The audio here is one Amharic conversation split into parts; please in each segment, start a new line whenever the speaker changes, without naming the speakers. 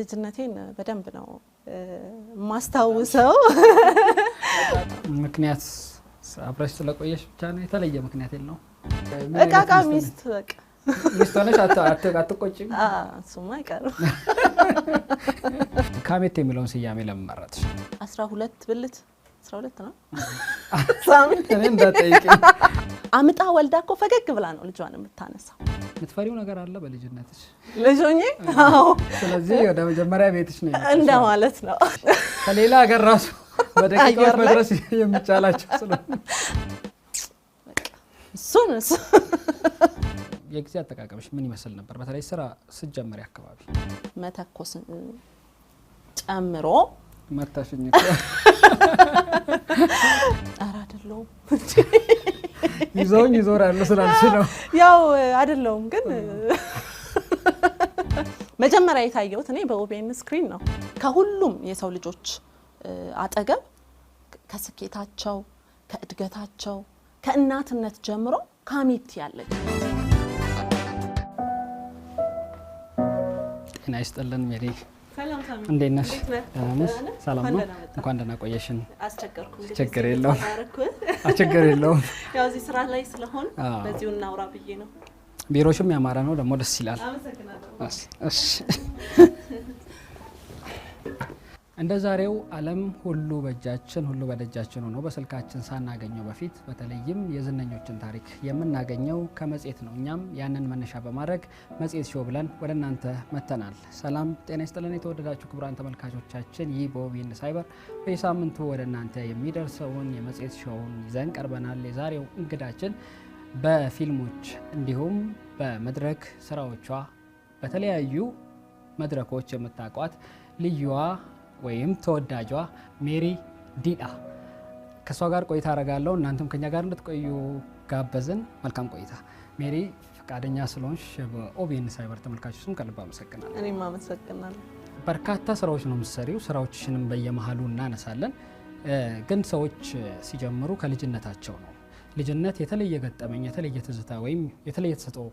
ልጅነቴን በደንብ ነው ማስታውሰው።
ምክንያት አብረሽ ስለቆየሽ ብቻ ነው? የተለየ ምክንያት የለውም።
እቃቃ ሚስት በቃ
ሚስት ሆነሽ አትቆጭም?
እሱማ አይቀርም።
ካሜት የሚለውን ስያሜ ለምን መረጥሽ?
አስራ ሁለት ብልት አስራ ሁለት ነው
እኔ እንዳጠይቅ
አምጣ ወልዳ እኮ ፈገግ ብላ ነው ልጇን የምታነሳው።
የምትፈሪው ነገር አለ በልጅነትሽ
ልጅ አዎ።
ስለዚህ ወደ መጀመሪያ ቤትሽ ነው
እንደ ማለት ነው።
ከሌላ ሀገር ራሱ በደቂቃዎች መድረስ የሚቻላቸው ስለሆነ እሱን እሱ የጊዜ አጠቃቀምሽ ምን ይመስል ነበር? በተለይ ስራ ስትጀምሪ አካባቢ
መተኮስ ጨምሮ መታሽኝ ኧረ አይደለሁም
ይዘውኝ ይዞራሉ ነው።
ያው አይደለውም ግን መጀመሪያ የታየሁት እኔ በኦቤን ስክሪን ነው። ከሁሉም የሰው ልጆች አጠገብ ከስኬታቸው፣ ከእድገታቸው፣ ከእናትነት ጀምሮ ካሚቲ ያለች።
ጤና ይስጥልን ሜሪ እንዴት ነሽ?
ደህና ነሽ?
ሰላም ነው? እንኳን ደህና ቆየሽን። ችግር የለውም ችግር የለውም።
ያው እዚህ ስራ ላይ ስለሆን በዚሁ እናውራ ብዬ ነው።
ቢሮሽም ያማረ ነው ደግሞ ደስ ይላል። እንደ ዛሬው ዓለም ሁሉ በእጃችን ሁሉ በደጃችን ሆኖ በስልካችን ሳናገኘው በፊት በተለይም የዝነኞችን ታሪክ የምናገኘው ከመጽሔት ነው። እኛም ያንን መነሻ በማድረግ መጽሔት ሾው ብለን ወደ እናንተ መጥተናል። ሰላም ጤና ይስጥልን። የተወደዳችሁ ክቡራን ተመልካቾቻችን ይህ በኦቢኤን ሳይበር በየሳምንቱ ወደ እናንተ የሚደርሰውን የመጽሔት ሾውን ይዘን ቀርበናል። የዛሬው እንግዳችን በፊልሞች እንዲሁም በመድረክ ስራዎቿ በተለያዩ መድረኮች የምታውቋት ልዩዋ ወይም ተወዳጇ ሜሪ ዲዳ ከእሷ ጋር ቆይታ አረጋለሁ። እናንተም ከኛ ጋር እንድትቆዩ ጋበዝን። መልካም ቆይታ። ሜሪ ፈቃደኛ ስለሆንሽ በኦቤን ሳይበር ተመልካች ስም ከልብ አመሰግናለሁ።
እኔም አመሰግናለሁ።
በርካታ ስራዎች ነው የምትሰሪው። ስራዎችሽንም በየመሀሉ እናነሳለን። ግን ሰዎች ሲጀምሩ ከልጅነታቸው ነው። ልጅነት የተለየ ገጠመኝ፣ የተለየ ትዝታ ወይም የተለየ ተሰጥኦ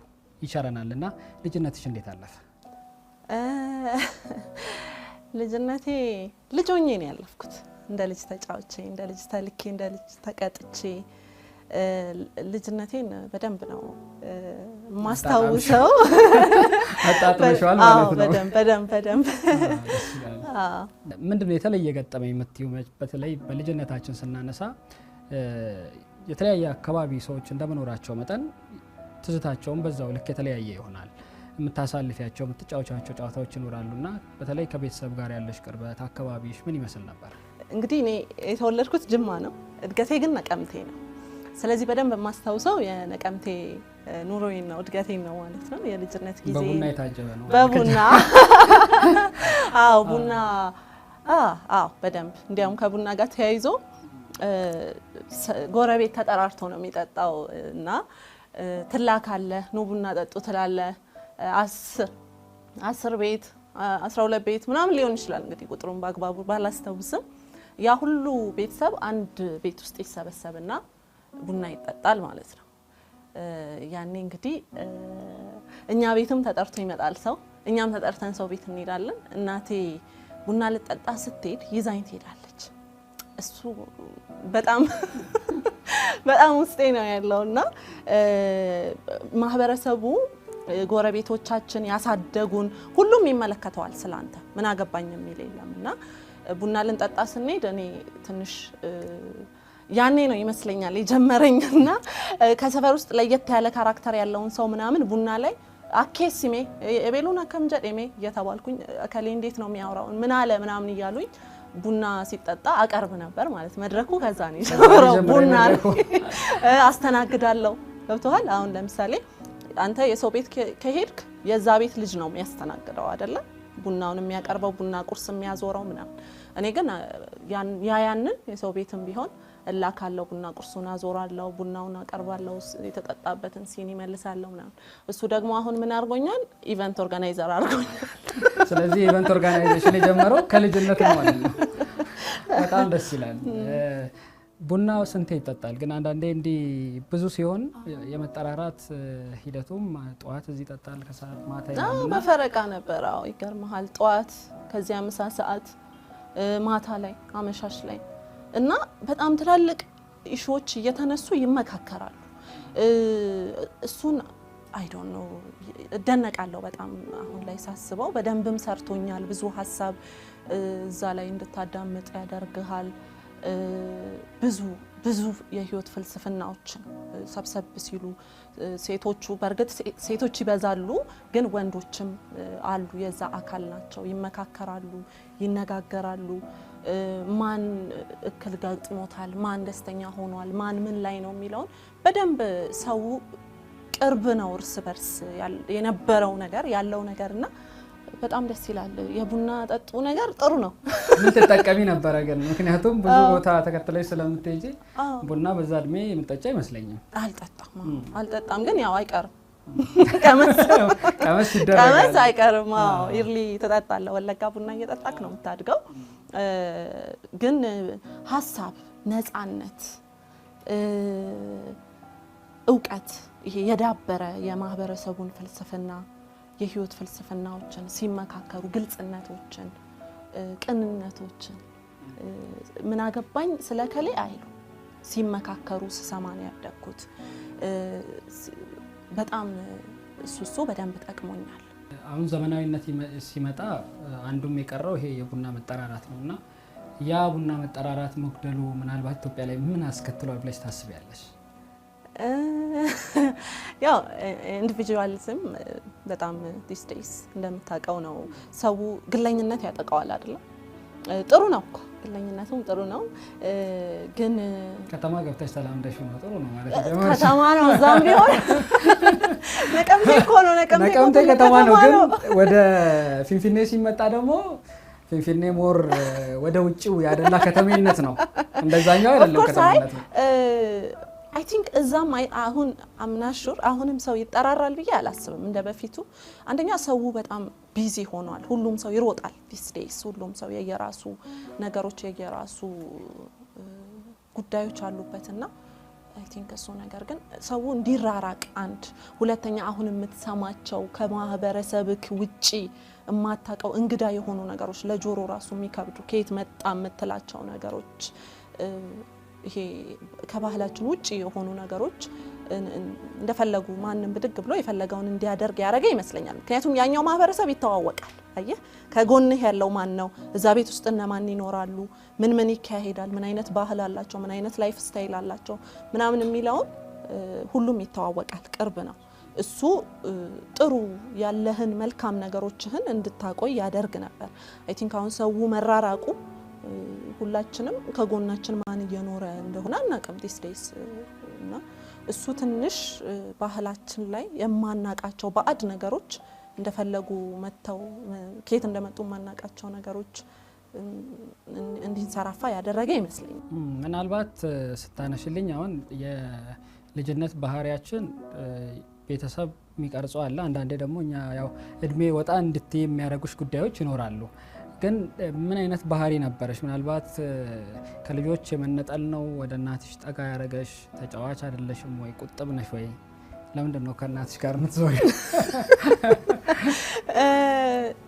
ይቸረናል እና ልጅነትሽ እንዴት አለፈ?
ልጅነቴ ልጅ ሆኜ ነው ያለፍኩት። እንደ ልጅ ተጫውቼ፣ እንደ ልጅ ተልኬ፣ እንደ ልጅ ተቀጥቼ ልጅነቴን በደንብ ነው ማስታውሰው። በደንብ በደንብ
ምንድን ነው የተለየ ገጠመኝ የምትይው? በተለይ በልጅነታችን ስናነሳ የተለያየ አካባቢ ሰዎች እንደመኖራቸው መጠን ትዝታቸውን በዛው ልክ የተለያየ ይሆናል። የምታሳልፊያቸው የምትጫወቻቸው ጨዋታዎች ይኖራሉ እና በተለይ ከቤተሰብ ጋር ያለሽ ቅርበት አካባቢሽ ምን ይመስል ነበር?
እንግዲህ እኔ የተወለድኩት ጅማ ነው፣ እድገቴ ግን ነቀምቴ ነው። ስለዚህ በደንብ የማስታውሰው የነቀምቴ ኑሮዬን ነው እድገቴን ነው ማለት ነው። የልጅነት ጊዜ
በቡና የታጀበ ነው።
በቡና አዎ፣ ቡና አዎ፣ በደንብ እንዲያውም ከቡና ጋር ተያይዞ ጎረቤት ተጠራርቶ ነው የሚጠጣው እና ትላካለህ፣ ኑ ቡና ጠጡ ትላለህ አስር ቤት አስራ ሁለት ቤት ምናምን ሊሆን ይችላል እንግዲህ ቁጥሩን በአግባቡ ባላስታውስም ያ ሁሉ ቤተሰብ አንድ ቤት ውስጥ ይሰበሰብና ቡና ይጠጣል ማለት ነው። ያኔ እንግዲህ እኛ ቤትም ተጠርቶ ይመጣል ሰው፣ እኛም ተጠርተን ሰው ቤት እንሄዳለን። እናቴ ቡና ልጠጣ ስትሄድ ይዛኝ ትሄዳለች። እሱ በጣም በጣም ውስጤ ነው ያለው እና ማህበረሰቡ ጎረቤቶቻችን ያሳደጉን ሁሉም ይመለከተዋል። ስለአንተ ምን አገባኝ የሚል የለም እና ቡና ልንጠጣ ስንሄድ እኔ ትንሽ ያኔ ነው ይመስለኛል የጀመረኝ የጀመረኝና ከሰፈር ውስጥ ለየት ያለ ካራክተር ያለውን ሰው ምናምን ቡና ላይ አኬስ ሜ የቤሉን ከምጀድ ሜ እየተባልኩኝ ከሌ እንዴት ነው የሚያወራው ምን አለ ምናምን እያሉኝ ቡና ሲጠጣ አቀርብ ነበር ማለት መድረኩ ከዛ ነው ቡና አስተናግዳለሁ። ገብተዋል። አሁን ለምሳሌ አንተ የሰው ቤት ከሄድክ የዛ ቤት ልጅ ነው የሚያስተናግደው አይደለም ቡናውን የሚያቀርበው ቡና ቁርስ የሚያዞረው ምናምን። እኔ ግን ያ ያንን የሰው ቤትም ቢሆን እላካለሁ፣ ቡና ቁርሱን አዞራለው፣ ቡናውን አቀርባለው የተጠጣበትን ሲኒ መልሳለሁ ምናምን። እሱ ደግሞ አሁን ምን አድርጎኛል? ኢቨንት ኦርጋናይዘር አድርጎኛል።
ስለዚህ ኢቨንት ኦርጋናይዜሽን የጀመረው ከልጅነት ነው ማለት ነው። በጣም ደስ ይላል። ቡና ስንቴ ይጠጣል? ግን አንዳንዴ እንዲህ ብዙ ሲሆን የመጠራራት ሂደቱም ጠዋት እዚህ ይጠጣል፣ ከሰዓት ማታ
በፈረቃ ነበር። አዎ ይገርመሃል። ጠዋት ከዚያ ምሳ ሰዓት፣ ማታ ላይ፣ አመሻሽ ላይ እና በጣም ትላልቅ ኢሹዎች እየተነሱ ይመካከራሉ። እሱን አይ ዶንት ኖ እደነቃለሁ በጣም አሁን ላይ ሳስበው፣ በደንብም ሰርቶኛል። ብዙ ሀሳብ እዛ ላይ እንድታዳምጥ ያደርግሃል። ብዙ ብዙ የህይወት ፍልስፍናዎችን ሰብሰብ ሲሉ ሴቶቹ በእርግጥ ሴቶች ይበዛሉ፣ ግን ወንዶችም አሉ። የዛ አካል ናቸው። ይመካከራሉ፣ ይነጋገራሉ። ማን እክል ገጥሞታል፣ ማን ደስተኛ ሆኗል፣ ማን ምን ላይ ነው የሚለውን በደንብ ሰው ቅርብ ነው እርስ በርስ የነበረው ነገር ያለው ነገር እና በጣም ደስ ይላል። የቡና ጠጡ ነገር ጥሩ ነው።
ምን ትጠቀሚ ነበረ ግን? ምክንያቱም ብዙ ቦታ ተከትለች ስለምትሄጂ ቡና በዛ እድሜ የምጠጫ አይመስለኝም።
አልጠጣም አልጠጣም፣ ግን ያው አይቀርም
ቀመስ
አይቀርም። ኢርሊ ትጠጣለህ። ወለጋ ቡና እየጠጣክ ነው የምታድገው። ግን ሀሳብ፣ ነፃነት፣ እውቀት ይሄ የዳበረ የማህበረሰቡን ፍልስፍና የህይወት ፍልስፍናዎችን ሲመካከሩ ግልጽነቶችን፣ ቅንነቶችን ምን አገባኝ ስለ ከሌ አይሉ ሲመካከሩ ስሰማ ነው ያደግኩት። በጣም እሱ እሱ በደንብ ጠቅሞኛል።
አሁን ዘመናዊነት ሲመጣ አንዱም የቀረው ይሄ የቡና መጠራራት ነው እና ያ ቡና መጠራራት መጉደሉ ምናልባት ኢትዮጵያ ላይ ምን አስከትሏል ብለሽ ታስቢያለሽ?
ያው ኢንዲቪጁዋሊዝም በጣም ዲስ ዴይስ እንደምታውቀው ነው። ሰው ግለኝነት ያጠቃዋል አይደለም። ጥሩ ነው እኮ ግለኝነቱም ጥሩ ነው፣ ግን
ከተማ ገብተሽ ተላምደሽ ነው ጥሩ ነው ማለት
ነው። ከተማ ነው እዛም ቢሆን ነቀምቴ እኮ ነው። ነቀምቴ
ከተማ ነው፣ ግን ወደ ፊንፊኔ ሲመጣ ደግሞ ፊንፊኔ ሞር ወደ ውጭው ያደላ ከተሜነት ነው። እንደዛኛው አይደለም ከተሜነት ነው።
አይ ቲንክ እዛም አሁን አምናሹር አሁንም ሰው ይጠራራል ብዬ አላስብም። እንደ በፊቱ አንደኛ ሰው በጣም ቢዚ ሆኗል። ሁሉም ሰው ይሮጣል ዲስ ዴይስ። ሁሉም ሰው የየራሱ ነገሮች የየራሱ ጉዳዮች አሉበትና አይ ቲንክ እሱ ነገር ግን ሰው እንዲራራቅ አንድ፣ ሁለተኛ አሁን የምትሰማቸው ከማህበረሰብክ ውጪ የማታውቀው እንግዳ የሆኑ ነገሮች ለጆሮ ራሱ የሚከብዱ ከየት መጣ የምትላቸው ነገሮች ይሄ ከባህላችን ውጭ የሆኑ ነገሮች እንደፈለጉ ማንም ብድግ ብሎ የፈለገውን እንዲያደርግ ያደረገ ይመስለኛል። ምክንያቱም ያኛው ማህበረሰብ ይተዋወቃል። አየህ ከጎንህ ያለው ማን ነው? እዛ ቤት ውስጥ እነማን ይኖራሉ? ምን ምን ይካሄዳል? ምን አይነት ባህል አላቸው? ምን አይነት ላይፍ ስታይል አላቸው? ምናምን የሚለውን ሁሉም ይተዋወቃል። ቅርብ ነው። እሱ ጥሩ ያለህን መልካም ነገሮችህን እንድታቆይ ያደርግ ነበር። አይ ቲንክ አሁን ሰው መራራቁ ሁላችንም ከጎናችን ማን እየኖረ እንደሆነ አናውቅም ዲስ ዴይስ እና እሱ ትንሽ ባህላችን ላይ የማናቃቸው ባዕድ ነገሮች እንደፈለጉ መጥተው ከየት እንደመጡ የማናቃቸው ነገሮች እንዲንሰራፋ ያደረገ ይመስለኛል።
ምናልባት ስታነሽልኝ አሁን የልጅነት ባህሪያችን ቤተሰብ የሚቀርጸው አለ። አንዳንዴ ደግሞ እኛ ያው እድሜ ወጣ እንድት የሚያደርጉሽ ጉዳዮች ይኖራሉ። ግን ምን አይነት ባህሪ ነበረች? ምናልባት ከልጆች የመነጠል ነው? ወደ እናትሽ ጠጋ ያደረገሽ? ተጫዋች አይደለሽም ወይ? ቁጥብ ነሽ ወይ? ለምንድን ነው ከእናትሽ ጋር የምትዞሪ?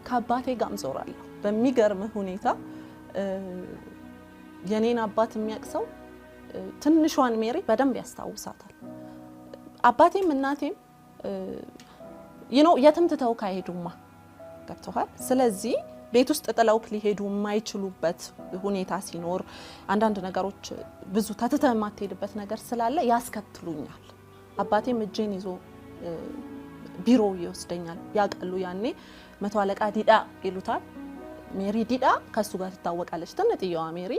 ከአባቴ ጋርም ዞራለሁ። በሚገርም ሁኔታ የኔን አባት የሚያውቅ ሰው ትንሿን ሜሪ በደንብ ያስታውሳታል። አባቴም እናቴም የትም ትተው ካሄዱማ ገብተዋል። ስለዚህ ቤት ውስጥ ጥለውት ሊሄዱ የማይችሉበት ሁኔታ ሲኖር አንዳንድ ነገሮች ብዙ ተትተ የማትሄድበት ነገር ስላለ ያስከትሉኛል። አባቴም እጄን ይዞ ቢሮ ይወስደኛል። ያቀሉ ያኔ መቶ አለቃ ዲዳ ይሉታል። ሜሪ ዲዳ ከእሱ ጋር ትታወቃለች። ትንጥየዋ ሜሪ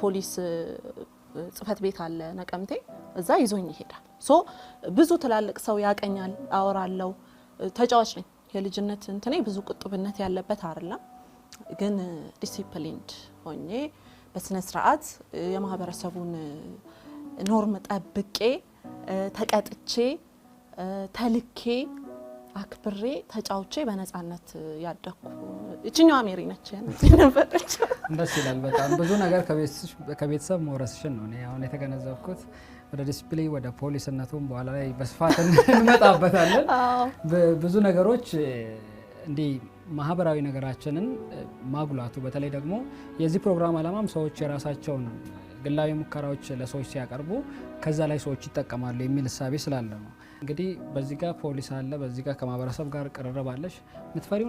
ፖሊስ ጽህፈት ቤት አለ ነቀምቴ፣ እዛ ይዞኝ ይሄዳል። ሶ ብዙ ትላልቅ ሰው ያቀኛል፣ አወራለው። ተጫዋች ነኝ። የልጅነት እንትኔ ብዙ ቁጥብነት ያለበት አይደለም። ግን ዲሲፕሊንድ ሆኜ በስነ ስርዓት የማህበረሰቡን ኖርም ጠብቄ ተቀጥቼ ተልኬ አክብሬ ተጫውቼ በነፃነት ያደግኩ እችኛዋ ሜሪ ነች ነበረች።
ደስ ይላል። በጣም ብዙ ነገር ከቤተሰብ መውረስሽን ነው እኔ አሁን የተገነዘብኩት። ወደ ዲስፕሊን ወደ ፖሊስነቱም በኋላ ላይ በስፋት እንመጣበታለን። ብዙ ነገሮች እንዲህ ማህበራዊ ነገራችንን ማጉላቱ በተለይ ደግሞ የዚህ ፕሮግራም ዓላማም ሰዎች የራሳቸውን ግላዊ ሙከራዎች ለሰዎች ሲያቀርቡ ከዛ ላይ ሰዎች ይጠቀማሉ የሚል እሳቤ ስላለ ነው። እንግዲህ በዚህ ጋር ፖሊስ አለ፣ በዚህ ጋር ከማህበረሰብ ጋር ቅርርብ አለሽ።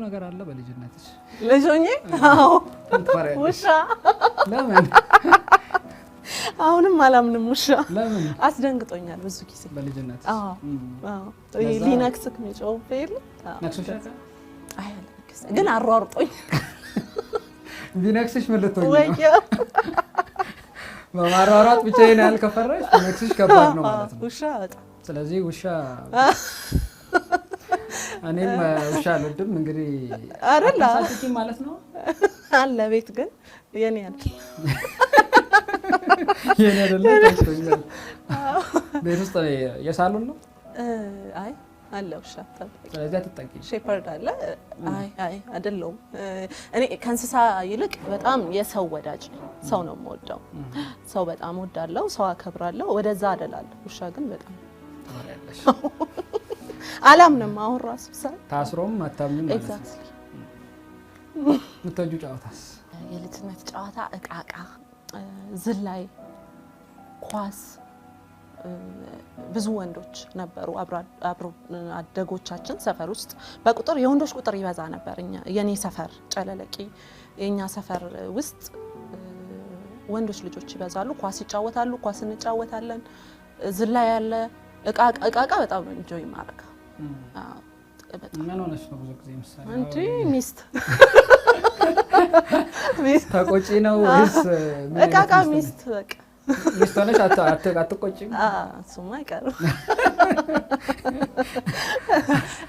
ነገር አለ በልጅነትሽ
ልጅ ውሻ። ለምን አሁንም አላምንም። ውሻ አስደንግጦኛል ብዙ ጊዜ በልጅነት ሊነክስክ ሚጮው ል ነክሶ ግን አሯርጦኝ
ቢነክስሽ ምን ልትሆኝ ነው? በማሯሯጥ ብቻዬን ያልከፈራሽ ቢነክስሽ ከባድ ነው ማለት ነው። ስለዚህ ውሻ እኔም ውሻ አልወድም። እንግዲህ
አሳጥቂኝ ማለት ነው አለ ቤት ግን የኔ አለ
የኔ አይደለም ቤት ውስጥ የሳሉን ነው።
አይ አለ ውሻ አታጠቂ። ስለዚህ አትጠቂ። ሼፐርድ አለ። አይ አይ አይደለሁም። እኔ ከእንስሳ ይልቅ በጣም የሰው ወዳጅ ነኝ። ሰው ነው የምወደው። ሰው በጣም ወዳለው፣ ሰው አከብራለሁ። ወደዛ አደላለሁ። ውሻ ግን በጣም አላምንም። አሁን ራሱ
ታስሮም አታምንም ማለት ነው። የምትወጂው ጨዋታስ?
የልጅነት ጨዋታ እቃቃ፣ ዝላይ፣ ኳስ ብዙ ወንዶች ነበሩ አብሮ አደጎቻችን ሰፈር ውስጥ በቁጥር የወንዶች ቁጥር ይበዛ ነበር። የኔ ሰፈር ጨለለቂ የኛ ሰፈር ውስጥ ወንዶች ልጆች ይበዛሉ። ኳስ ይጫወታሉ፣ ኳስ እንጫወታለን። ዝላ ያለ እቃቃ በጣም ነው እንጆይ ማረጋ እንዲ ሚስት
ተቆጪ ነው
እቃቃ ሚስት በቃ
ሚስት ሆነሽ አትቆጭም?
እሱማ አይቀርም።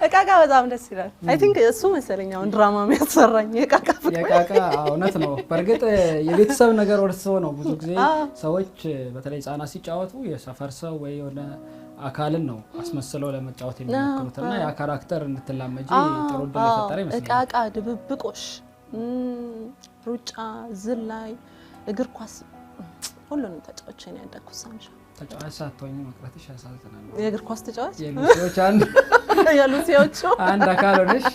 እቃ እቃ በጣም ደስ ይላል። አይ ቲንክ እሱ መሰለኝ አሁን ድራማ የሚያሰራኝ የእቃ
የቃቃ እውነት ነው። በእርግጥ የቤተሰብ ነገር ወርሶ ነው ብዙ ጊዜ ሰዎች በተለይ ህጻናት ሲጫወቱ የሰፈር ሰው ወይ የሆነ አካልን ነው አስመስለው ለመጫወት የሚሞክሩት እና ያ ካራክተር እንድትላመጂ ጥሩ ዕድል የፈጠረ
ይመስለኛል። እቃቃ ድብብቆሽ፣ ሩጫ፣ ዝላይ፣ እግር ኳስ ሁሉንም ተጫዋች ነው ያደግኩት። ሳምሻ
ተጫዋች ሳትሆኝ መቅረትሽ ያሳዝናል።
የእግር ኳስ ተጫዋች
የሉሲዎች አንድ አንድ አካል ሆነሽ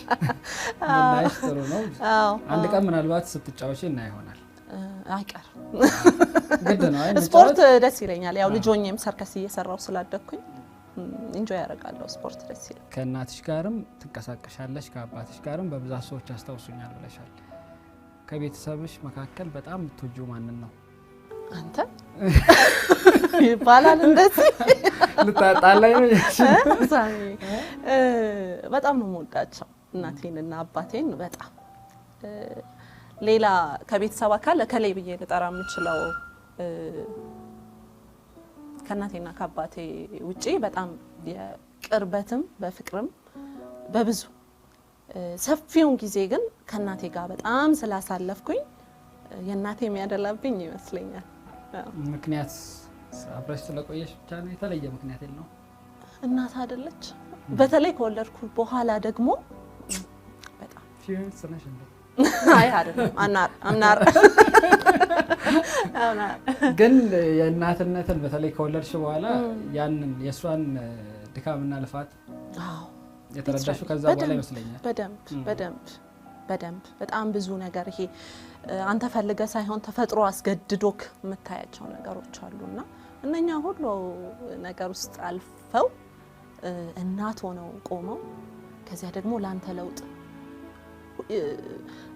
ናሽ። ጥሩ ነው። አንድ ቀን ምናልባት ስትጫወች እና ይሆናል አይቀር ግድ ነው።
ስፖርት ደስ ይለኛል። ያው ልጆኝም ሰርከስ እየሰራው ስላደግኩኝ ኢንጆይ ያደርጋለሁ። ስፖርት ደስ ይላል።
ከእናትሽ ጋርም ትንቀሳቀሻለሽ፣ ከአባትሽ ጋርም በብዛት ሰዎች ያስታውሱኛል ብለሻል። ከቤተሰብሽ መካከል በጣም የምትወጂው ማንን ነው?
አንተ ይባላል እንደዚህ
ልታጣላኝ ነው።
በጣም ነው የምወዳቸው እናቴን እና አባቴን በጣም ሌላ ከቤተሰብ አካል ከላይ ብዬ ልጠራ የምችለው ከእናቴና ከአባቴ ውጪ በጣም የቅርበትም በፍቅርም በብዙ ሰፊውን ጊዜ ግን ከእናቴ ጋር በጣም ስላሳለፍኩኝ የእናቴ የሚያደላብኝ ይመስለኛል።
ምክንያት አብረሽ ስለቆየሽ ብቻ ነው። የተለየ ምክንያት የለውም።
እናት አይደለች። በተለይ ከወለድኩ በኋላ ደግሞ በጣም አይ አምናር
ግን የእናትነትን በተለይ ከወለድሽ በኋላ ያንን የእሷን ድካምና ልፋት የተረዳሽው ከዛ በኋላ ይመስለኛል።
በደንብ በደንብ በደንብ በጣም ብዙ ነገር ይሄ አንተ ፈልገ ሳይሆን ተፈጥሮ አስገድዶክ የምታያቸው ነገሮች አሉ እና እነኛ ሁሉ ነገር ውስጥ አልፈው እናት ሆነው ቆመው ከዚያ ደግሞ ለአንተ ለውጥ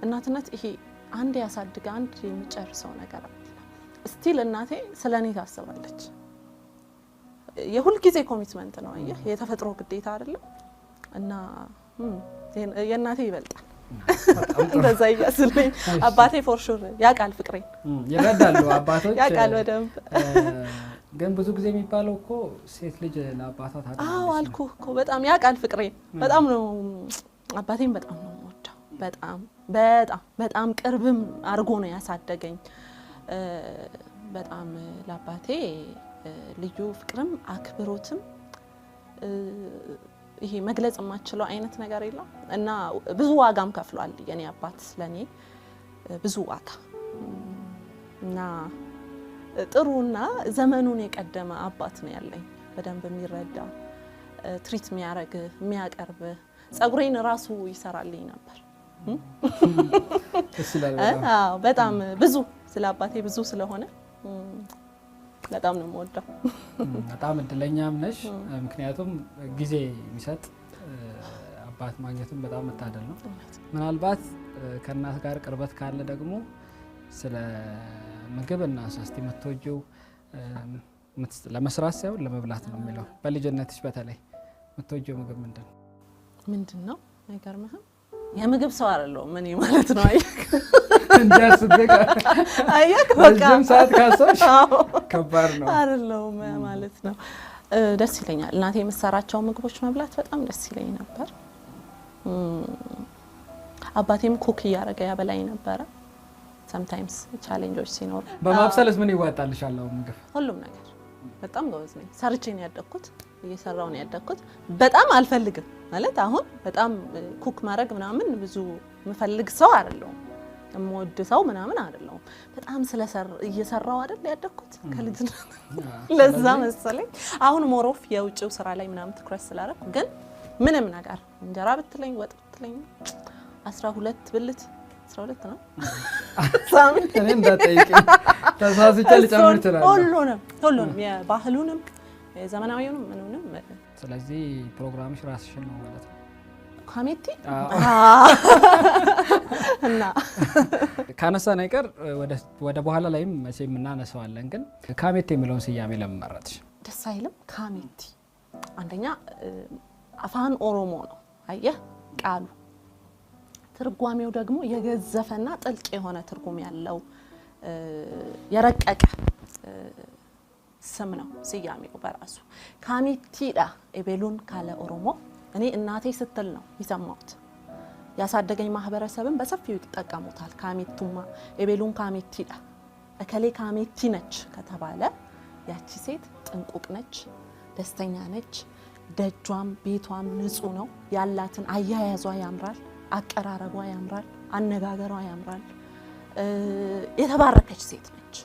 እናትነት ይሄ አንድ ያሳድገ አንድ የሚጨርሰው ነገር ስቲል እናቴ ስለ እኔ ታስባለች። የሁልጊዜ ኮሚትመንት ነው። የተፈጥሮ ግዴታ አይደለም እና የእናቴ ይበልጣል። እንደዛ አባቴ ፎርሹር ያውቃል፣ ፍቅሬን
ይረዳሉ አባቶች
ያውቃል በደንብ።
ግን ብዙ ጊዜ የሚባለው እኮ ሴት ልጅ ለአባቷ
አዎ፣ አልኩ እኮ በጣም ያውቃል ፍቅሬን። በጣም ነው አባቴን በጣም ነው የምወደው። በጣም በጣም በጣም ቅርብም አድርጎ ነው ያሳደገኝ። በጣም ለአባቴ ልዩ ፍቅርም አክብሮትም ይሄ መግለጽ የማችለው አይነት ነገር የለም እና ብዙ ዋጋም ከፍሏል የኔ አባት ለኔ ብዙ ዋጋ እና ጥሩና ዘመኑን የቀደመ አባት ነው ያለኝ። በደንብ የሚረዳ ትሪት የሚያደርግ የሚያቀርብ፣ ጸጉሬን ራሱ ይሰራልኝ ነበር። በጣም ብዙ ስለ አባቴ ብዙ ስለሆነ በጣም ነው የምወደው።
በጣም እድለኛም ነሽ፣ ምክንያቱም ጊዜ የሚሰጥ አባት ማግኘትም በጣም መታደል ነው። ምናልባት ከእናት ጋር ቅርበት ካለ ደግሞ ስለ ምግብ እና ሳስቲ የምትወጂው ለመስራት ሳይሆን ለመብላት ነው የሚለው በልጅነትሽ በተለይ የምትወጂው ምግብ ምንድን ነው?
ምንድን ነው? አይገርምህም? የምግብ ሰው አይደለሁም እኔ ማለት ነው። አየህ
ረጅም ሰዓት ካሰብሽ ከባድ ነው
አይደለውም ማለት ነው። ደስ ይለኛል። እናቴ የምትሰራቸው ምግቦች መብላት በጣም ደስ ይለኝ ነበር። አባቴም ኩክ እያደረገ ያበላኝ ነበረ። ሰምታይምስ ቻሌንጆች ሲኖሩ
በማብሰልስ ምን ይዋጣልሻል? ምግብ
ሁሉም ነገር በጣም ጎበዝ ነኝ። ሰርቼ ነው ያደግኩት፣ እየሰራው ነው ያደግኩት። በጣም አልፈልግም ማለት አሁን በጣም ኩክ ማድረግ ምናምን ብዙ የምፈልግ ሰው አይደለሁም። የምወድ ሰው ምናምን አይደለሁም። በጣም እየሰራው አይደል ያደግኩት ከልጅነት ለዛ መሰለኝ። አሁን ሞሮፍ የውጭው ስራ ላይ ምናምን ትኩረት ስላደረኩ ግን ምንም ነገር እንጀራ ብትለኝ ወጥ ብትለኝ አስራ ሁለት ብልት አስራ ሁለት ነው ሁሉንም ሁሉንም የባህሉንም የዘመናዊውንም ምንንም።
ስለዚህ ፕሮግራምሽ ራስሽን ነው ማለት ነው
ካሜቲ እና
ካነሳን አይቀር ወደ በኋላ ላይም መቼም እናነሳዋለን። ግን ካሜቲ የሚለውን ስያሜ ለምን መረጥሽ?
ደስ አይልም? ካሜቲ አንደኛ አፋን ኦሮሞ ነው። አየህ ቃሉ ትርጓሜው ደግሞ የገዘፈና ጥልቅ የሆነ ትርጉም ያለው የረቀቀ ስም ነው ስያሜው በራሱ ካሜቲዳ ኤቤሉን ካለ ኦሮሞ እኔ እናቴ ስትል ነው የሰማሁት። ያሳደገኝ ማህበረሰብን በሰፊው ይጠቀሙታል። ካሜቱማ ኤቤሉን ካሜቲ ዳ እከሌ ካሜቲ ነች ከተባለ ያቺ ሴት ጥንቁቅ ነች፣ ደስተኛ ነች፣ ደጇም ቤቷም ንጹህ ነው። ያላትን አያያዟ ያምራል፣ አቀራረቧ ያምራል፣ አነጋገሯ ያምራል። የተባረከች ሴት ነች።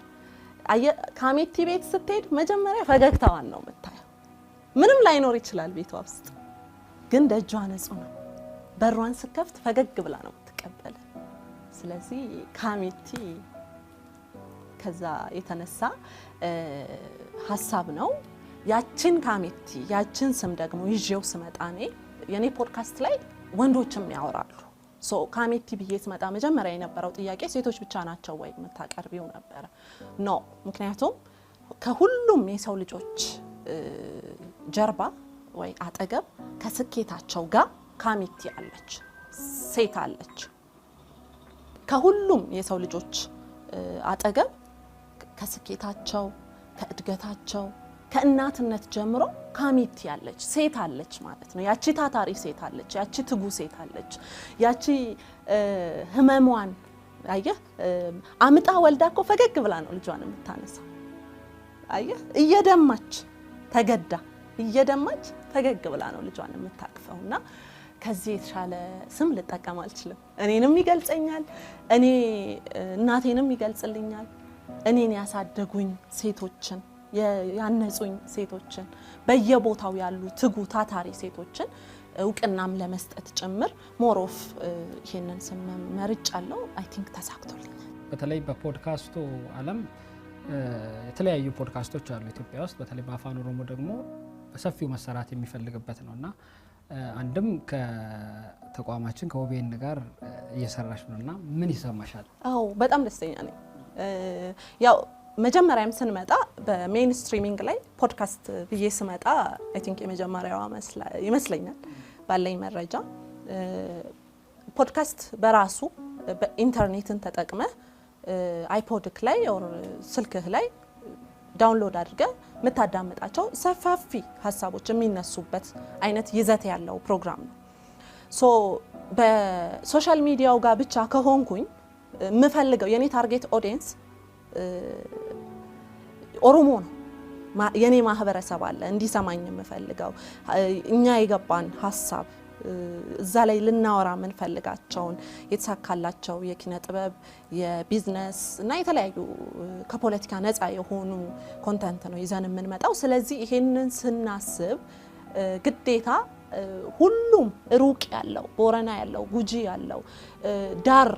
ካሜቲ ቤት ስትሄድ መጀመሪያ ፈገግታዋን ነው የምታየው። ምንም ላይኖር ይችላል ቤቷ ውስጥ ግን ደጇ ንጹህ ነው። በሯን ስከፍት ፈገግ ብላ ነው የምትቀበለ። ስለዚህ ካሚቲ ከዛ የተነሳ ሀሳብ ነው ያችን ካሚቲ ያችን ስም ደግሞ ይዤው ስመጣ እኔ የኔ ፖድካስት ላይ ወንዶችም ያወራሉ። ሶ ካሜቲ ብዬ ስመጣ መጀመሪያ የነበረው ጥያቄ ሴቶች ብቻ ናቸው ወይ የምታቀርቢው ነበረ? ኖ ምክንያቱም ከሁሉም የሰው ልጆች ጀርባ ወይ አጠገብ ከስኬታቸው ጋር ካሚቲ አለች፣ ሴት አለች። ከሁሉም የሰው ልጆች አጠገብ ከስኬታቸው፣ ከእድገታቸው፣ ከእናትነት ጀምሮ ካሚቲ አለች፣ ሴት አለች ማለት ነው። ያቺ ታታሪ ሴት አለች፣ ያቺ ትጉ ሴት አለች። ያቺ ህመሟን አየህ አምጣ ወልዳ እኮ ፈገግ ብላ ነው ልጇን የምታነሳ። አየህ እየደማች ተገዳ እየደማች ፈገግ ብላ ነው ልጇን የምታቅፈው እና ከዚህ የተሻለ ስም ልጠቀም አልችልም። እኔንም ይገልጸኛል፣ እኔ እናቴንም ይገልጽልኛል። እኔን ያሳደጉኝ ሴቶችን ያነጹኝ ሴቶችን በየቦታው ያሉ ትጉ ታታሪ ሴቶችን እውቅናም ለመስጠት ጭምር ሞሮፍ ይሄንን ስም መርጫለሁ። አይ ቲንክ ተሳክቶልኛል።
በተለይ በፖድካስቱ አለም የተለያዩ ፖድካስቶች አሉ ኢትዮጵያ ውስጥ በተለይ በአፋን ኦሮሞ ደግሞ በሰፊው መሰራት የሚፈልግበት ነው እና አንድም ከተቋማችን ከወቤን ጋር እየሰራሽ ነው እና ምን ይሰማሻል?
አዎ በጣም ደስተኛ ነኝ። ያው መጀመሪያም ስንመጣ በሜን ስትሪሚንግ ላይ ፖድካስት ብዬ ስመጣ አይ ቲንክ የመጀመሪያዋ ይመስለኛል ባለኝ መረጃ ፖድካስት በራሱ በኢንተርኔትን ተጠቅመ አይፖድክ ላይ ስልክህ ላይ ዳውንሎድ አድርገ የምታዳምጣቸው ሰፋፊ ሀሳቦች የሚነሱበት አይነት ይዘት ያለው ፕሮግራም ነው። ሶ በሶሻል ሚዲያው ጋር ብቻ ከሆንኩኝ የምፈልገው የኔ ታርጌት ኦዲየንስ ኦሮሞ ነው። የኔ ማህበረሰብ አለ እንዲሰማኝ የምፈልገው እኛ የገባን ሀሳብ እዛ ላይ ልናወራ የምንፈልጋቸውን የተሳካላቸው የኪነ ጥበብ፣ የቢዝነስ እና የተለያዩ ከፖለቲካ ነፃ የሆኑ ኮንተንት ነው ይዘን የምንመጣው። ስለዚህ ይሄንን ስናስብ ግዴታ ሁሉም ሩቅ ያለው ቦረና ያለው ጉጂ ያለው ዳር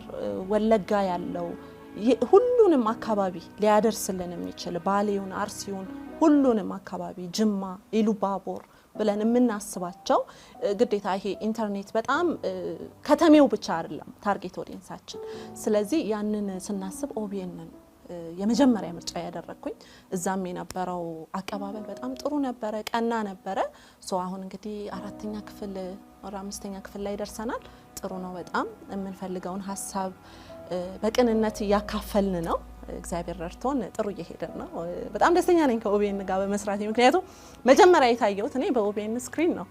ወለጋ ያለው ሁሉንም አካባቢ ሊያደርስልን የሚችል ባሌውን፣ አርሲውን ሁሉንም አካባቢ ጅማ፣ ኢሉባቦር ብለን የምናስባቸው ግዴታ ይሄ ኢንተርኔት በጣም ከተሜው ብቻ አይደለም ታርጌት ኦዲየንሳችን። ስለዚህ ያንን ስናስብ ኦቢኤንን የመጀመሪያ ምርጫ ያደረግኩኝ እዛም የነበረው አቀባበል በጣም ጥሩ ነበረ፣ ቀና ነበረ። ሶ አሁን እንግዲህ አራተኛ ክፍል ወደ አምስተኛ ክፍል ላይ ደርሰናል። ጥሩ ነው። በጣም የምንፈልገውን ሀሳብ በቅንነት እያካፈልን ነው። እግዚአብሔር ረድቶን ጥሩ እየሄደን ነው። በጣም ደስተኛ ነኝ ከኦቤን ጋር በመስራት ምክንያቱም መጀመሪያ የታየሁት እኔ በኦቤን ስክሪን ነው።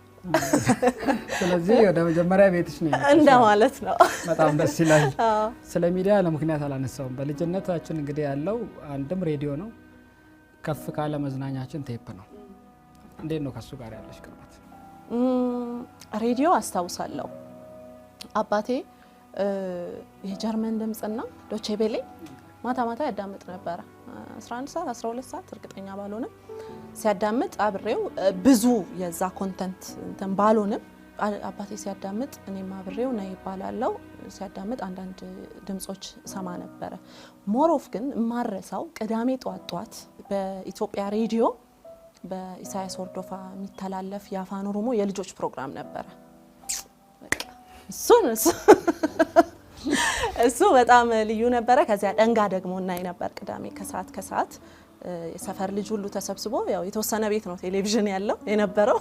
ስለዚህ ወደ መጀመሪያ ቤትሽ ነው
እንደማለት ነው።
በጣም ደስ ይላል። ስለ ሚዲያ ለምክንያት አላነሳውም። በልጅነታችን እንግዲህ ያለው አንድም ሬዲዮ ነው፣ ከፍ ካለ መዝናኛችን ቴፕ ነው። እንዴት ነው ከሱ ጋር ያለች ቅርበት?
ሬዲዮ አስታውሳለሁ አባቴ የጀርመን ድምፅና ዶቼቤሌ ማታ ማታ ያዳምጥ ነበረ 11 ሰዓት 12 ሰዓት እርግጠኛ ባልሆንም ሲያዳምጥ አብሬው ብዙ የዛ ኮንተንት እንትን ባልሆንም አባቴ ሲያዳምጥ እኔም አብሬው ነ ይባላለው። ሲያዳምጥ አንዳንድ ድምጾች ሰማ ነበረ። ሞሮፍ ግን ማረሳው ቅዳሜ ጧት ጧት በኢትዮጵያ ሬዲዮ በኢሳያስ ወርዶፋ የሚተላለፍ የአፋን ኦሮሞ የልጆች ፕሮግራም ነበረ። እሱን እሱ በጣም ልዩ ነበረ። ከዚያ ደንጋ ደግሞ እናይ ነበር ቅዳሜ ከሰዓት ከሰዓት የሰፈር ልጅ ሁሉ ተሰብስቦ ያው የተወሰነ ቤት ነው ቴሌቪዥን ያለው የነበረው።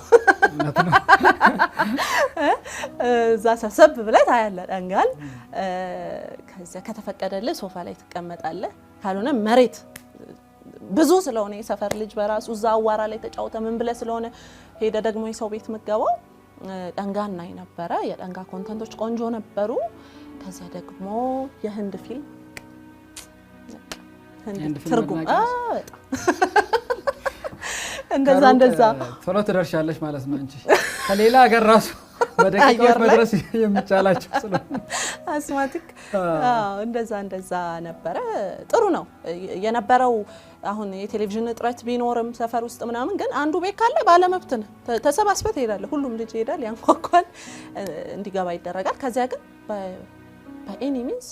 እዛ ሰብሰብ ብለህ ታያለህ ደንጋል። ከዚያ ከተፈቀደልህ ሶፋ ላይ ትቀመጣለህ፣ ካልሆነ መሬት ብዙ ስለሆነ የሰፈር ልጅ በራሱ እዛ አዋራ ላይ ተጫውተ ምን ብለህ ስለሆነ ሄደ ደግሞ የሰው ቤት ምገባው ደንጋ እናይ ነበረ። የደንጋ ኮንተንቶች ቆንጆ ነበሩ። ከዛ ደግሞ የህንድ ፊልም ትርጉም እንደዛ እንደዛ
ቶሎ ትደርሻለች ማለት ነው እንጂ ከሌላ ሀገር ራሱ በደቂቃዎች መድረስ የሚቻላቸው ስለ
አስማቲክ እንደዛ እንደዛ ነበረ። ጥሩ ነው የነበረው። አሁን የቴሌቪዥን እጥረት ቢኖርም ሰፈር ውስጥ ምናምን፣ ግን አንዱ ቤት ካለ ባለመብት ነህ። ተሰባስበህ ትሄዳለህ። ሁሉም ልጅ ይሄዳል፣ ያንኳኳል፣ እንዲገባ ይደረጋል። ከዚያ ግን በኤኒ ሚንስ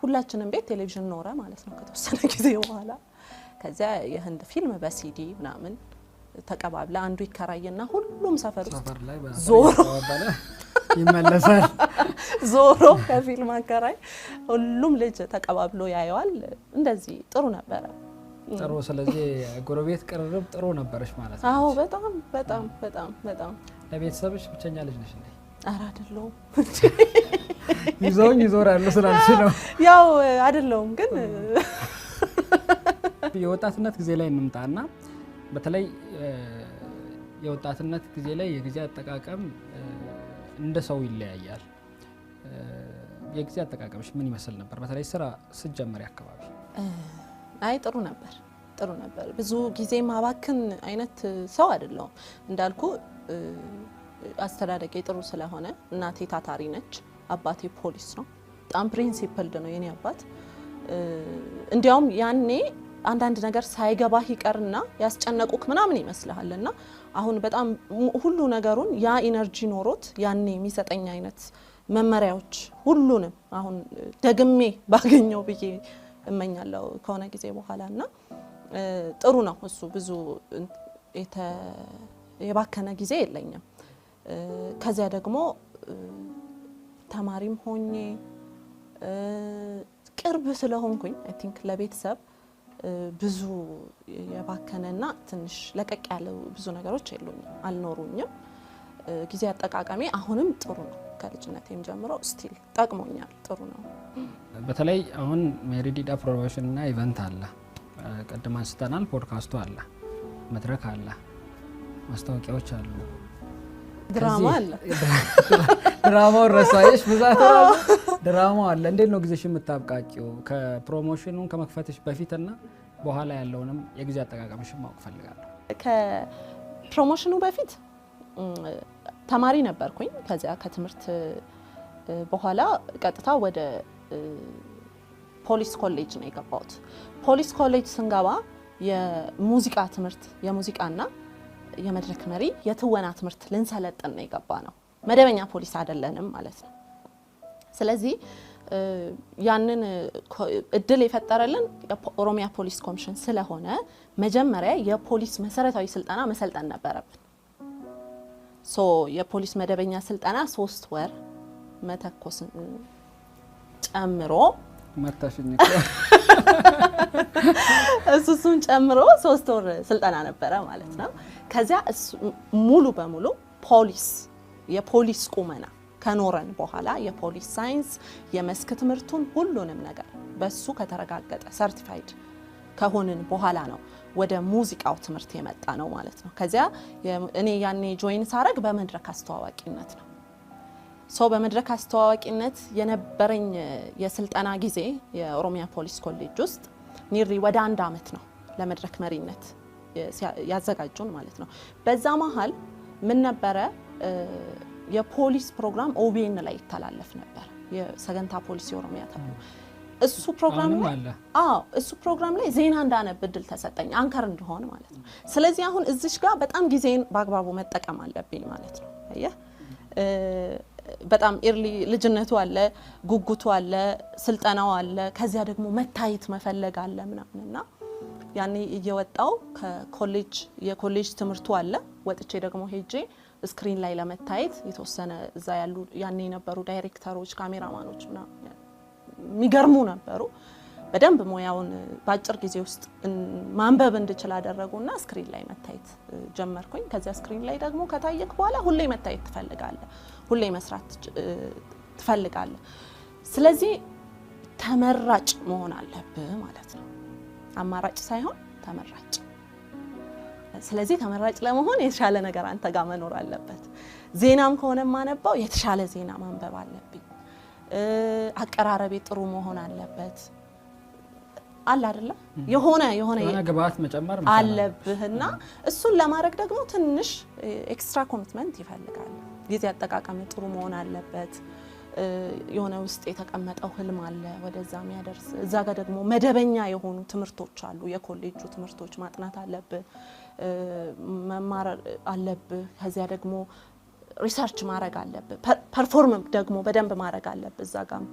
ሁላችንም ቤት ቴሌቪዥን ኖረ ማለት ነው ከተወሰነ ጊዜ በኋላ። ከዚያ የህንድ ፊልም በሲዲ ምናምን ተቀባብለ አንዱ ይከራይና ሁሉም ሰፈር ውስጥ
ዞሮ ይመለሳል።
ዞሮ ከፊልም አከራይ ሁሉም ልጅ ተቀባብሎ ያየዋል። እንደዚህ ጥሩ ነበረ
ጥሩ። ስለዚህ ጎረቤት ቅርርብ ጥሩ ነበረች ማለት
ነው። አዎ፣ በጣም በጣም በጣም በጣም።
ለቤተሰብሽ ብቸኛ ልጅ ነሽ እንዴ? አራ አይደለሁም። ይዘውኝ ይዞራሉ ስላልሽ ነው።
ያው አይደለውም ግን
የወጣትነት ጊዜ ላይ እንምጣና በተለይ የወጣትነት ጊዜ ላይ የጊዜ አጠቃቀም እንደ ሰው ይለያያል። የጊዜ አጠቃቀምሽ ምን ይመስል ነበር? በተለይ ስራ ስትጀምሪ አካባቢ?
አይ ጥሩ ነበር፣ ጥሩ ነበር። ብዙ ጊዜ ማባክን አይነት ሰው አይደለውም። እንዳልኩ አስተዳደጌ ጥሩ ስለሆነ እናቴ ታታሪ ነች አባቴ ፖሊስ ነው። በጣም ፕሪንሲፕልድ ነው የኔ አባት። እንዲያውም ያኔ አንዳንድ ነገር ሳይገባህ ይቀርና ያስጨነቁክ ምናምን ይመስልሃል። እና አሁን በጣም ሁሉ ነገሩን ያ ኢነርጂ ኖሮት ያኔ የሚሰጠኝ አይነት መመሪያዎች ሁሉንም አሁን ደግሜ ባገኘው ብዬ እመኛለሁ ከሆነ ጊዜ በኋላ እና ጥሩ ነው እሱ ብዙ የባከነ ጊዜ የለኝም። ከዚያ ደግሞ ተማሪም ሆኜ ቅርብ ስለሆንኩኝ አይ ቲንክ ለቤተሰብ ብዙ የባከነና ትንሽ ለቀቅ ያለ ብዙ ነገሮች የሉኝም፣ አልኖሩኝም። ጊዜ አጠቃቀሜ አሁንም ጥሩ ነው። ከልጅነቴም ጀምሮ ስቲል ጠቅሞኛል፣ ጥሩ ነው።
በተለይ አሁን ሜሪዲዳ ፕሮሞሽን እና ኢቨንት አለ፣ ቅድም አንስተናል፣ ፖድካስቱ አለ፣ መድረክ አለ፣ ማስታወቂያዎች አሉ። ድራማ አለ። ድራማው ረሳየሽ ብዛት ድራማ አለ። እንዴት ነው ጊዜሽ የምታብቃቂው? ከፕሮሞሽኑን ከመክፈትሽ በፊትና በኋላ ያለውንም የጊዜ አጠቃቀምሽ ማወቅ ፈልጋለሁ።
ከፕሮሞሽኑ በፊት ተማሪ ነበርኩኝ። ከዚያ ከትምህርት በኋላ ቀጥታ ወደ ፖሊስ ኮሌጅ ነው የገባሁት። ፖሊስ ኮሌጅ ስንገባ የሙዚቃ ትምህርት የሙዚቃና የመድረክ መሪ የትወና ትምህርት ልንሰለጥን ነው የገባ ነው። መደበኛ ፖሊስ አይደለንም ማለት ነው። ስለዚህ ያንን እድል የፈጠረልን የኦሮሚያ ፖሊስ ኮሚሽን ስለሆነ መጀመሪያ የፖሊስ መሰረታዊ ስልጠና መሰልጠን ነበረብን። ሶ የፖሊስ መደበኛ ስልጠና ሶስት ወር መተኮስ ጨምሮ
መታሽኝ
እሱ እሱን ጨምሮ ሶስት ወር ስልጠና ነበረ ማለት ነው። ከዚያ ሙሉ በሙሉ ፖሊስ የፖሊስ ቁመና ከኖረን በኋላ የፖሊስ ሳይንስ የመስክ ትምህርቱን ሁሉንም ነገር በሱ ከተረጋገጠ ሰርቲፋይድ ከሆንን በኋላ ነው ወደ ሙዚቃው ትምህርት የመጣ ነው ማለት ነው። ከዚያ እኔ ያኔ ጆይን ሳረግ በመድረክ አስተዋዋቂነት ነው ሰው በመድረክ አስተዋዋቂነት የነበረኝ የስልጠና ጊዜ የኦሮሚያ ፖሊስ ኮሌጅ ውስጥ ኒሪ ወደ አንድ አመት ነው ለመድረክ መሪነት ያዘጋጁን ማለት ነው። በዛ መሀል ምን ነበረ የፖሊስ ፕሮግራም ኦቤን ላይ ይተላለፍ ነበር። የሰገንታ ፖሊስ የኦሮሚያ ተብሎ እሱ ፕሮግራም እሱ ፕሮግራም ላይ ዜና እንዳነብ እድል ተሰጠኝ አንከር እንደሆን ማለት ነው። ስለዚህ አሁን እዚሽ ጋር በጣም ጊዜን በአግባቡ መጠቀም አለብኝ ማለት ነው። በጣም ኤርሊ ልጅነቱ አለ፣ ጉጉቱ አለ፣ ስልጠናው አለ፣ ከዚያ ደግሞ መታየት መፈለግ አለ ምናምን እና ያኔ እየወጣው ከኮሌጅ የኮሌጅ ትምህርቱ አለ ወጥቼ ደግሞ ሄጄ ስክሪን ላይ ለመታየት የተወሰነ እዛ ያሉ ያኔ የነበሩ ዳይሬክተሮች፣ ካሜራማኖች የሚገርሙ ነበሩ። በደንብ ሙያውን በአጭር ጊዜ ውስጥ ማንበብ እንድችል ና ስክሪን ላይ መታየት ጀመርኩኝ። ከዚያ ስክሪን ላይ ደግሞ ከታየክ በኋላ ሁሌ መታየት ትፈልጋለ ሁሌ መስራት ትፈልጋለህ። ስለዚህ ተመራጭ መሆን አለብህ ማለት ነው። አማራጭ ሳይሆን ተመራጭ። ስለዚህ ተመራጭ ለመሆን የተሻለ ነገር አንተ ጋር መኖር አለበት። ዜናም ከሆነ የማነባው የተሻለ ዜና ማንበብ አለብኝ። አቀራረቤ ጥሩ መሆን አለበት። አለ አይደለም የሆነ የሆነ
ግብአት መጨመር
አለብህና እሱን ለማድረግ ደግሞ ትንሽ ኤክስትራ ኮሚትመንት ይፈልጋል። ጊዜ አጠቃቀም ጥሩ መሆን አለበት። የሆነ ውስጥ የተቀመጠው ህልም አለ ወደዛ የሚያደርስ እዛ ጋር ደግሞ መደበኛ የሆኑ ትምህርቶች አሉ። የኮሌጁ ትምህርቶች ማጥናት አለብህ፣ መማር አለብህ። ከዚያ ደግሞ ሪሰርች ማድረግ አለብህ። ፐርፎርም ደግሞ በደንብ ማድረግ አለብህ። እዛ ጋም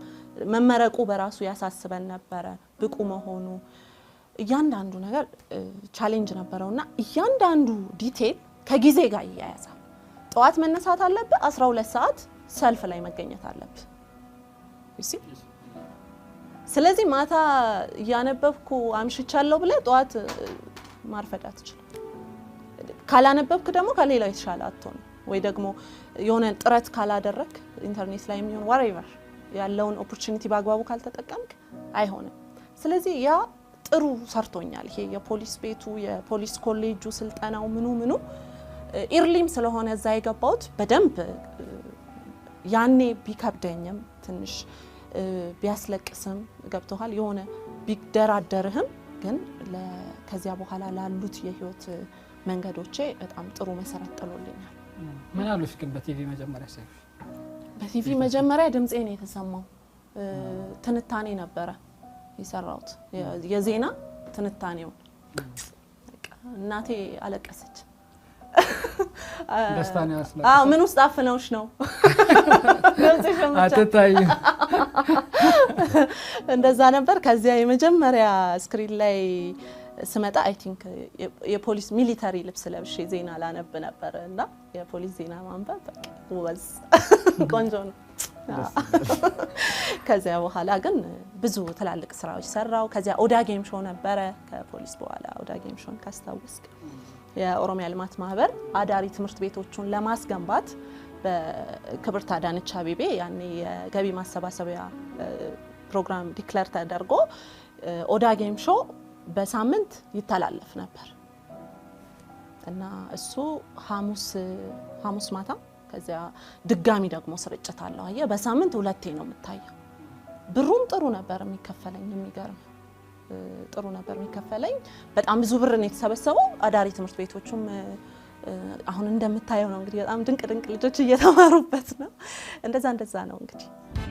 መመረቁ በራሱ ያሳስበን ነበረ፣ ብቁ መሆኑ እያንዳንዱ ነገር ቻሌንጅ እና እያንዳንዱ ዲቴል ከጊዜ ጋር እያያዛል ጠዋት መነሳት አለብህ። 12 ሰዓት ሰልፍ ላይ መገኘት አለብህ። ስለዚህ ማታ እያነበብኩ አምሽቻለሁ ብለህ ጠዋት ማርፈድ አትችልም። ካላነበብክ ደግሞ ከሌላው የተሻለ አትሆን ወይ ደግሞ የሆነ ጥረት ካላደረግ ኢንተርኔት ላይ የሚሆን ዋሬቨር ያለውን ኦፖርቹኒቲ በአግባቡ ካልተጠቀምክ አይሆንም። ስለዚህ ያ ጥሩ ሰርቶኛል። ይሄ የፖሊስ ቤቱ የፖሊስ ኮሌጁ ስልጠናው ምኑ ምኑ ኢርሊም ስለሆነ እዛ የገባሁት በደንብ ያኔ ቢከብደኝም ትንሽ ቢያስለቅስም ገብተኋል የሆነ ቢደራደርህም ግን ከዚያ በኋላ ላሉት የህይወት መንገዶቼ በጣም ጥሩ መሰረት ጥሎልኛል።
ምን አሉሽ ግን በቲቪ መጀመሪያ ሰ
በቲቪ መጀመሪያ ድምፄ ነው የተሰማው። ትንታኔ ነበረ የሰራሁት የዜና ትንታኔውን። እናቴ አለቀሰች።
ደስታን ያስላል።
አዎ ምን ውስጥ አፍነውሽ ነው አትታይም? እንደዛ ነበር። ከዚያ የመጀመሪያ ስክሪን ላይ ስመጣ አይ ቲንክ የፖሊስ ሚሊተሪ ልብስ ለብሼ ዜና ላነብ ነበር እና የፖሊስ ዜና ማንበብ ወዝ ቆንጆ ነው። ከዚያ በኋላ ግን ብዙ ትላልቅ ስራዎች ሰራው። ከዚያ ኦዳ ጌም ሾው ነበረ ከፖሊስ በኋላ ኦዳ ጌም ሾውን ካስታወስክ የኦሮሚያ ልማት ማህበር አዳሪ ትምህርት ቤቶቹን ለማስገንባት በክብርት አዳነች አቤቤ ያኔ የገቢ ማሰባሰቢያ ፕሮግራም ዲክለር ተደርጎ ኦዳ ጌም ሾ በሳምንት ይተላለፍ ነበር እና እሱ ሐሙስ ማታ ከዚያ ድጋሚ ደግሞ ስርጭት አለው። አየህ፣ በሳምንት ሁለቴ ነው የምታየው። ብሩም ጥሩ ነበር የሚከፈለኝ የሚገርም ጥሩ ነበር የሚከፈለኝ። በጣም ብዙ ብር ነው የተሰበሰበው። አዳሪ ትምህርት ቤቶቹም አሁን እንደምታየው ነው እንግዲህ በጣም ድንቅ ድንቅ ልጆች እየተማሩበት ነው። እንደዛ እንደዛ ነው እንግዲህ